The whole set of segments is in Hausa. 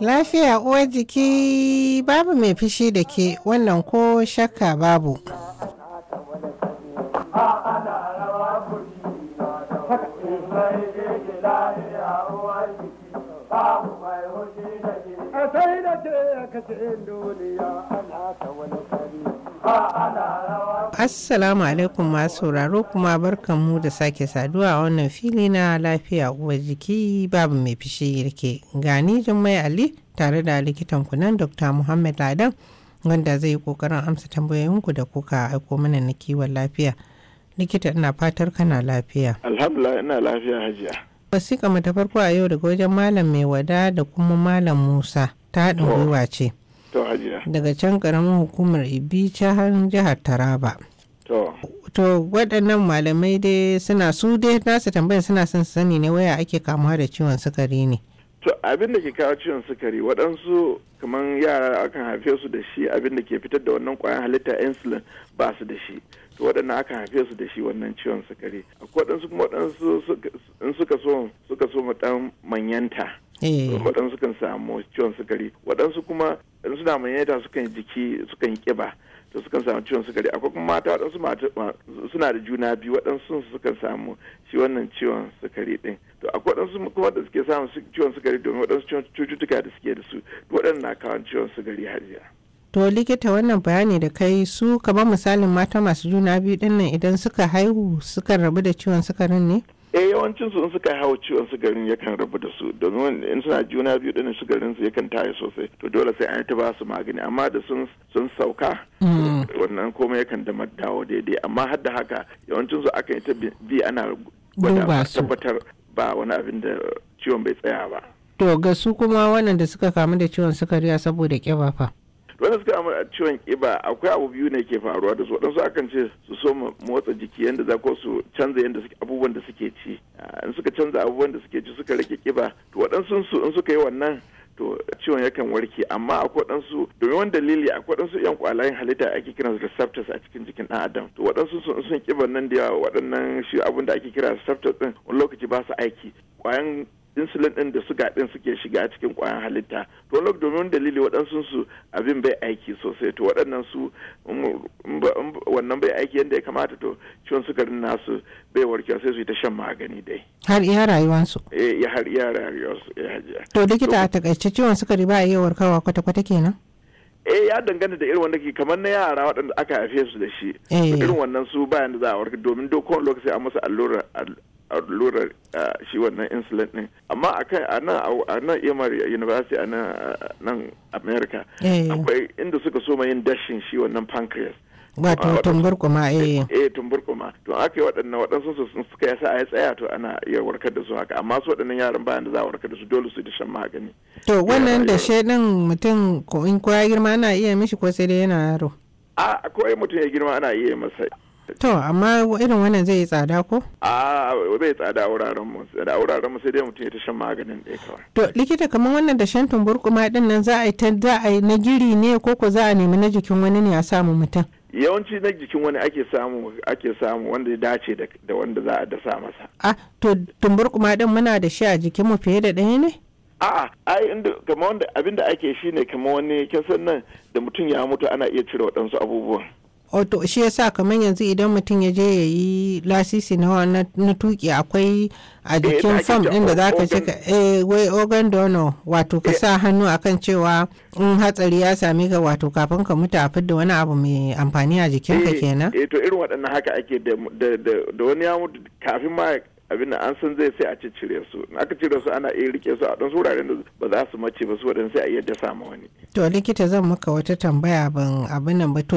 Lafiya uwa jiki babu mai fushi da ke wannan ko shakka babu. Assalamu alaikum masu sauraro kuma barkanmu da sake saduwa a wannan fili na lafiya uwar jiki babu mai fishi yake gani Jummai Ali tare da likitan kunan Dr. Muhammad Ladan wanda zai yi kokarin amsa tambayoyinku da kuka aiko mana na kiwon lafiya. Likita ina fatar kana lafiya. Alhamdulillah ina lafiya hajiya. wasiƙa mata ta farko a yau daga wajen malam mai wada da kuma malam musa ta haɗin gwiwa ce daga can ƙaramin hukumar ibica har jihar taraba to waɗannan malamai dai suna su dai nasu tambayar suna son sani ne waya ake kamuwa da ciwon sukari ne to abin da ke kawo ciwon sukari waɗansu kamar yara akan haife su da shi abin da ke fitar da wannan ƙwayan halitta insulin ba su da shi to waɗanda aka haife su da shi wannan ciwon sukari akwai waɗansu kuma waɗansu in suka so suka so ɗan manyanta eh. waɗansu kan samu ciwon sukari waɗansu kuma in suna manyanta sukan jiki sukan ƙiba to sukan samu ciwon sukari akwai kuma mata waɗansu suna da juna biyu waɗansu sukan samu shi wannan ciwon sukari ɗin to akwai waɗansu kuma da suke samun ciwon sukari domin waɗansu cututtuka da suke da su waɗannan na kawo ciwon sukari hajiya. to likita wannan bayani da kai su kamar misalin mata masu juna biyu ɗin nan idan suka haihu sukan rabu da ciwon sukarin ne? eh yawancinsu su in suka hau ciwon sukarin yakan rabu da su domin in suna juna biyu din sukarin su yakan taya sosai to dole sai an ta ba su magani amma da sun sun sauka mm. wannan komai yakan da dawo daidai amma har da haka yawancin su yi ta bi ana gwada tabbatar ba wani abin da ciwon bai tsaya ba to ga su kuma wannan da suka kamu da ciwon sukari saboda kiba fa wanda suka a ciwon kiba akwai abu biyu ne ke faruwa da su waɗansu akan ce su so motsa jiki yadda za ko su canza yadda abubuwan da suke ci ah, in suka canza abubuwan da suke ci suka rage kiba to waɗansu su in suka yi wannan to ciwon yakan warke amma akwai waɗansu domin wani dalili akwai waɗansu yan kwalayen halitta ake kira receptors a cikin jikin ɗan adam to waɗansu sun sun kiban nan da yawa waɗannan shi abin da ake kira receptors ɗin wani lokaci ba su aiki kwayan insulin ɗin da suga din suke shiga cikin kwayan halitta to lok domin dalili waɗansu su abin bai aiki sosai to waɗannan su wannan bai aiki yadda ya kamata to ciwon sukarin nasu bai warkewa sai su yi ta shan magani dai har iya rayuwarsu eh har iya rayuwarsu eh hajiya to likita a takaice ciwon sukari ba iya warkarwa kwata-kwata kenan eh ya danganta da irin wanda ke kamar na yara waɗanda aka haife su da shi eh. irin wannan su bayan da za a warkar domin dokon lokaci a musu allurar allurar shi wannan insulin ne amma a nan a nan Emory University a nan America eh. akwai inda suka so yin dashin shi wannan pancreas wato tumburkuma eh eh, eh tumburkuma to aka yi waɗannan waɗansu su suka yasa a ya tsaya to ana iya warkar da su haka amma su waɗannan yaran bayan da za a warkar da su dole su da shan magani to wannan da shedin mutum ko in koya girma ana iya mishi ko sai dai yana yaro a ko mutum ya girma ana iya masa To amma irin wannan zai yi tsada ko? A bai tsada a wuraren mu da wuraren mu sai dai mutum ya ta shan maganin ɗaya kawai. To likita kamar wannan da shan tumburkuma din nan za a yi ta za a yi na giri ne ko ko za a nemi na jikin wani ne a samu mutum? Yawanci na jikin wani ake samu ake samu wanda ya dace da wanda za a dasa masa. A to tumburkuma din muna da shi a jikin mu fiye da ɗaya ne? a'a ai inda kamar wanda abinda ake shi ne kamar wani kasan nan da mutum ya mutu ana iya cire waɗansu abubuwan wato oh, shi yasa kamar yanzu idan mutum ya je ya yi lasisi na tuki akwai a eh, jikin fam din da zaka cika eh wai organ donor wato ka eh. sa hannu akan cewa in hatsari ya sami ga wato kafin ka mutu a fidda wani abu mai amfani a jikin ka eh, kenan eh to irin waɗannan haka ake da wani ya mutu kafin ma abin da an san zai sai a ciccire su in aka cire su ana iya rike su a ɗan wuraren da ba za su mace ba su waɗanda sai a iya dasa ma wani To likita zan maka wata tambaya ban abin nan ba to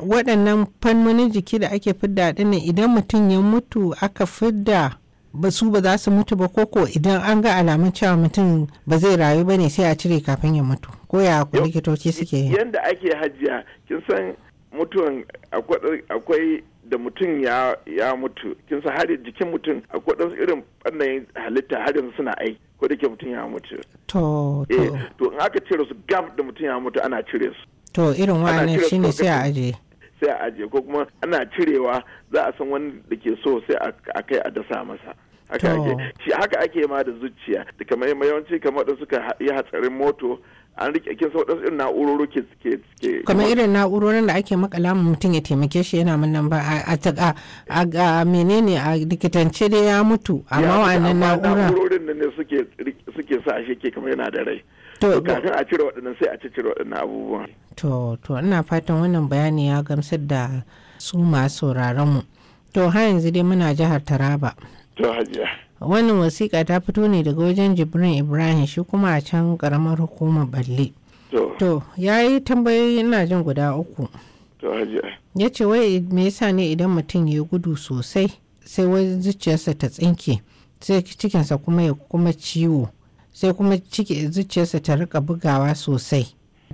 waɗannan fannonin jiki da ake fidda ɗin idan mutum ya mutu aka fidda ba su ba za su mutu ba koko idan an ga alamun cewa mutum ba zai rayu ba ne sai a cire kafin ya mutu ko ya ku likitoci suke Yanda ake hajiya kin san mutuwan akwai da mutum ya ya mutu kin sa har jikin mutum a dan irin ɓannayen halitta har yanzu suna aiki ko da ke mutum ya mutu to to eh, to in aka cire su gam da mutum ya mutu ana cire su to irin wani shine sai a aje sai a aje ko kuma ana cirewa za a san wani da ke so sai a kai a dasa masa haka ake ma da zuciya da kamar yawanci kamar da suka yi hatsarin moto an rike kin sau irin na'urori ke ke kamar irin na'urorin da ake makala mutum ya taimake shi yana mun nan ba a ta a menene a likitance dai ya mutu amma wannan na'ura na'urorin nan ne suke suke sa shi ke kamar yana da rai to kafin a cire waɗannan sai a cire waɗannan abubuwan to to ina fatan wannan bayani ya gamsar da su masu sauraron mu to har yanzu dai muna jihar Taraba to hajiya wannan wasiƙa ta fito ne daga wajen jibrin ibrahim shi kuma a can ƙaramar hukumar balle to ya yi tambayoyi ina jin guda uku ya ce wai me yasa ne idan mutum ya gudu sosai sai wai zuciyarsa ta tsinke sai cikinsa kuma ya kuma ciwo sai kuma ciki zuciyarsa ta rika bugawa sosai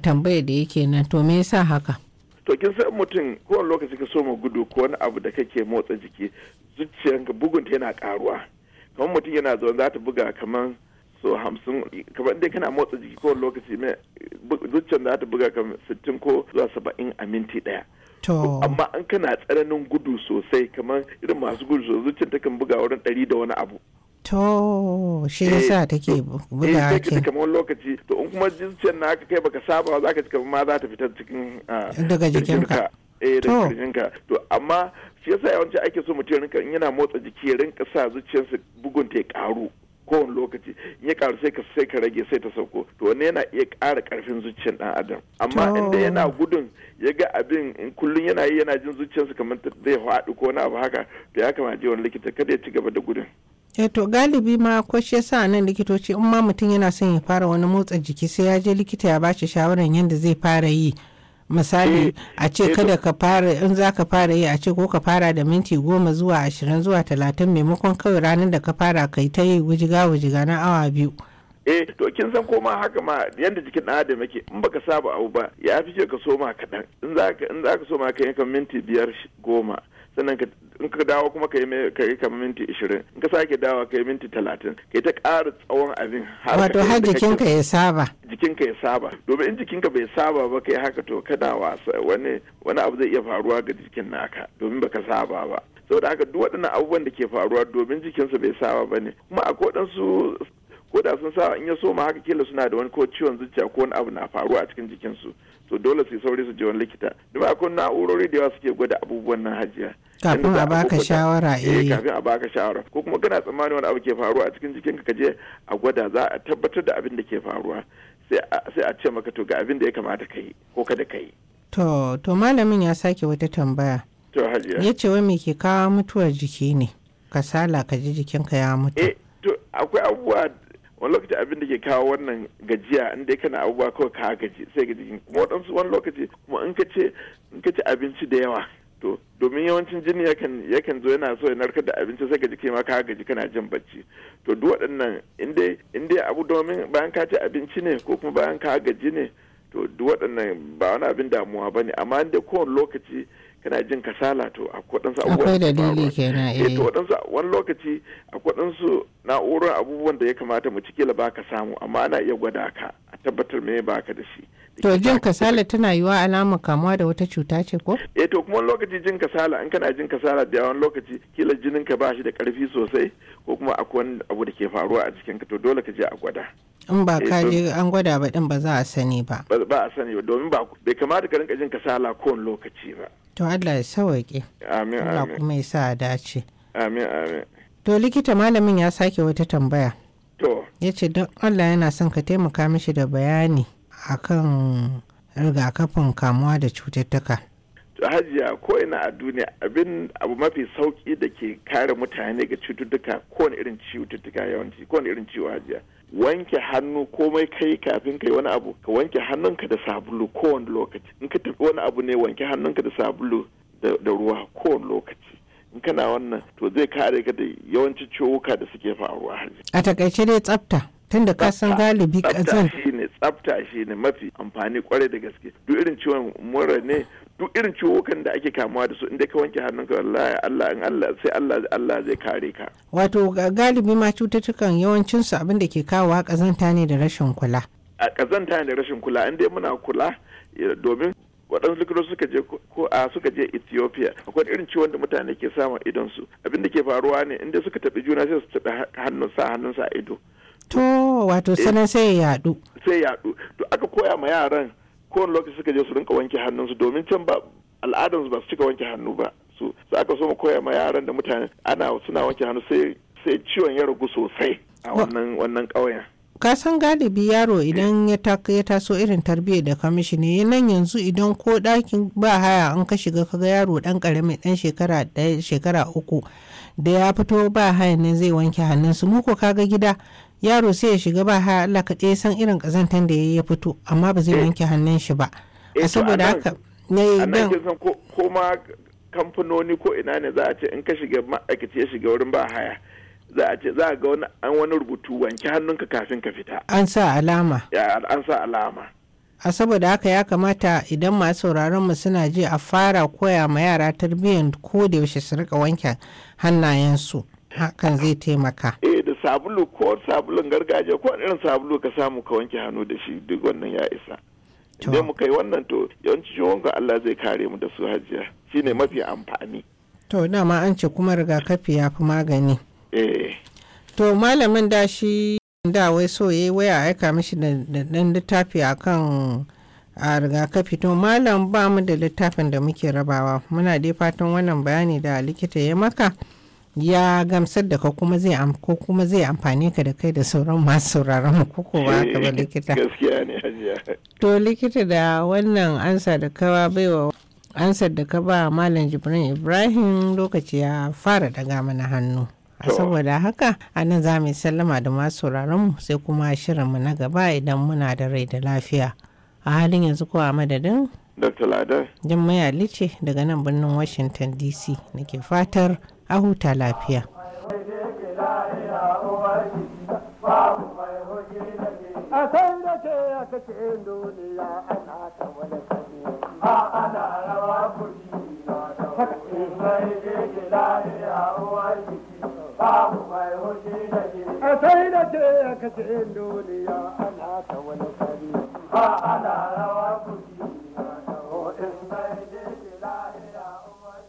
tambayar da yake nan to me yasa haka to kin san mutum kowane lokaci ka so mu gudu ko wani abu da kake motsa jiki zuciyanka bugunta yana karuwa kamar mutum yana zuwa za ta buga kamar so hamsin kamar dai kana motsa jiki kowane lokaci mai zuciyar za ta buga kamar sittin ko zuwa saba'in a minti To amma an kana tsananin gudu sosai kamar irin masu gudu sosai zuciyar ta kan buga wurin ɗari da wani abu. to shi ya ta eh, take buga eh, ake kamar wani lokaci to in kuma zuciyar na haka kai baka saba za ka ci kamar ma za ta fitar cikin ah, daga jikinka eh daga jikinka to amma shi yasa yawanci ake so mutum rinka in yana motsa jiki ya rinka sa zuciyarsa bugun ta ya karu kowane lokaci in ya karu sai ka sai rage sai ta sauko to wani yana iya ƙara ƙarfin zuciyar ɗan adam amma inda yana gudun ya ga abin in kullum yana yi yana jin zuciyarsa kamar zai haɗu ko wani abu haka to ya kamata je wani likita kada ya ci gaba da gudun eh to galibi ma ko shi yasa nan likitoci in ma mutum yana son ya fara wani motsa jiki sai ya je likita ya bashi shawarar yadda zai fara yi misali eh, a ce eh, kada ka fara in za ka fara yi a ce ko ka fara da minti goma zuwa ashirin zuwa talatin maimakon kawai ranar da ka fara kai ta yi wujiga wujiga na awa biyu eh to kin san koma haka ma yadda jikin ɗan adam yake in baka saba abu ba ya fi ka soma kaɗan in za ka soma ka kan minti biyar goma sannan in ka dawo kuma ka yi kamar minti ishirin in ka sake dawa ka yi minti talatin ka yi ta ƙara tsawon abin har wato har jikinka ya saba jikinka ya saba domin in jikinka bai saba ba ka yi haka to kana wasa wani wani abu zai iya faruwa ga jikin naka domin baka saba ba saboda haka duk waɗannan abubuwan da ke faruwa domin jikinsa bai saba ba ne kuma akwai waɗansu ko da sun sa in ya so ma haka kila suna da wani ko ciwon zuciya ko wani abu na faruwa a cikin jikinsu to dole su sauri su je wani likita duk akwai na'urori da yawa suke gwada abubuwan nan hajiya kafin a baka shawara eh, eh kafin a baka shawara ko kuma kana tsammani wani abu ke faruwa a cikin jikinka ka je a gwada za a tabbatar da abin da ke faruwa sai a ce maka to ga abin da ya kamata ka yi ko kada ka yi to to malamin ya sake wata tambaya to hajiya ya ce wai me ke kawo mutuwar jiki ne kasala ka ji jikinka ya mutu eh to akwai abubuwa wani lokaci abin da ke kawo wannan gajiya in dai kana abubuwa kawai ka gaji sai gaji kuma waɗansu wani lokaci kuma in ka ce ci abinci da yawa to domin yawancin jini yakan yakan zo yana so ya narkar da abinci sai ka ji ma ka gaji kana jin bacci to duk waɗannan in dai abu domin bayan ka ci abinci ne ko kuma bayan ka gaji ne to duk waɗannan ba wani abin damuwa bane amma in dai kowane lokaci kana jin kasala to akwai ɗansu abubuwan da dalili kenan eh to eh. wani lokaci akwai ɗansu na'urar abubuwan da ya kamata mu cike ba ka samu amma ana iya gwada ka a tabbatar me ba ka da shi to jin kasala tana yiwa alamar kamuwa da wata cuta ce ko eh to kuma lokaci jin kasala in kana jin kasala da yawan lokaci kila jinin ka ba shi da karfi sosai ko kuma akwai wani abu da ke faruwa a cikin ka to dole ka je a gwada in ba ka eh, je an gwada ba din ba za a sani ba ba a sani ba domin ba bai kamata ka rinka jin kasala kowane lokaci ba to Allah ya sauke amin amin Allah kuma ya sa dace amin amin to likita malamin ya sake wata tambaya to ya don Allah yana son ka taimaka mishi da bayani akan rigakafin kamuwa da cututtuka hajiya ko ina a duniya abin abu mafi sauki da ke kare mutane ga cututtuka ko irin cututtuka yawanci ko irin ciwo hajiya wanke hannu komai kai kafin kai wani abu ka wanke hannunka da sabulu kowane lokaci in ka tafi wani abu ne wanke hannunka da sabulu da ruwa kowane lokaci in kana wannan to zai kare ka da yawancin ciwuka da suke faruwa a takaice dai tsafta tunda ka san galibi kazan mai tsafta shi ne mafi amfani kwarai da gaske duk irin ciwon mura ne duk irin ciwokan da ake kamuwa da su inda ka wanke hannunka wallahi Allah in Allah sai Allah Allah zai kare ka wato galibi ma cututtukan yawancin su abin da ke kawo kazanta ne da rashin kula a kazanta ne da rashin kula in muna kula eh, domin waɗansu likito suka je ko a suka je Ethiopia akwai irin ciwon da mutane ke samun idon su abin da ke faruwa ne inda suka tabi juna sai su tafi hannun sa hannun sa ido to wato eh, sanan sai ya yadu sai ya to aka koya ma yaran kowane lokaci suka je su rinka wanke hannunsu domin can ba al'adarsu ba su cika wanke hannu ba su aka so mu koya ma yaran da mutane ana suna wanke hannu sai sai ciwon ya ragu sosai a wannan wannan ƙauyen ka san galibi yaro eh. idan ya taso irin tarbiyyar da ka mishi ne nan yanzu idan ko ɗakin ba haya an ka shiga kaga yaro ɗan ƙarami ɗan shekara ɗaya shekara uku da ya fito ba haya ne zai wanke hannunsu mu ko ga gida yaro sai ya shiga ba ha Allah kaɗai san irin ƙazantar da ya fito amma ba zai eh. wanke hannun shi ba a eh, saboda haka ne dan ko ma kamfanoni ko ina ne za a ce in ka shiga ma'aikaci ya shiga wurin ba haya za a ce za a ga wani an wani rubutu wanke hannunka kafin ka fita an sa alama an sa alama a saboda haka ya kamata idan masu sauraron mu suna ji a fara koya ma yara tarbiyyar ko da yaushe su rika wanke hannayensu hakan zai taimaka eh da sabulu ko sabulun gargajiya ko irin sabulu ka samu ka wanke hannu da shi duk wannan ya isa idan mu yi wannan to yawanci ciwon Allah zai kare mu da su hajiya shine mafi amfani to dama an ce kuma rigakafi ya fi magani eh to malamin da shi da wai so yayi waya aika mishi da dan littafi akan a rigakafi to malam ba mu da littafin da muke rabawa muna dai fatan wannan bayani da likita ya maka ya gamsar da ka kuma zai ko kuma zai amfani ka da kai da sauran masu sauraron mu ko kowa ka ba eh, likita to likita da wannan ansa da ka baiwa ansar da ka ba malam jibrin ibrahim lokaci ya fara daga mana hannu a saboda haka a nan za mu sallama da masu mu sai kuma shirin mu na gaba idan muna da rai da lafiya a halin yanzu ko a madadin dr ladar jin ce daga nan birnin washington dc nake fatar a huta lafiya. A sai da ce ya kace duniya ana